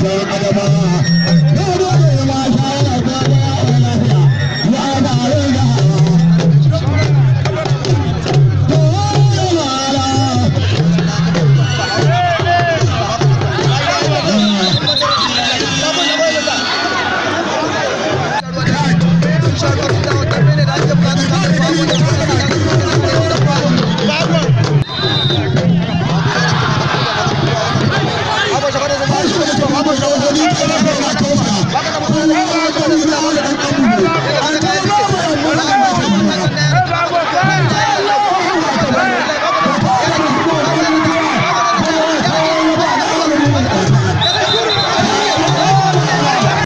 ta adamawa Thank you.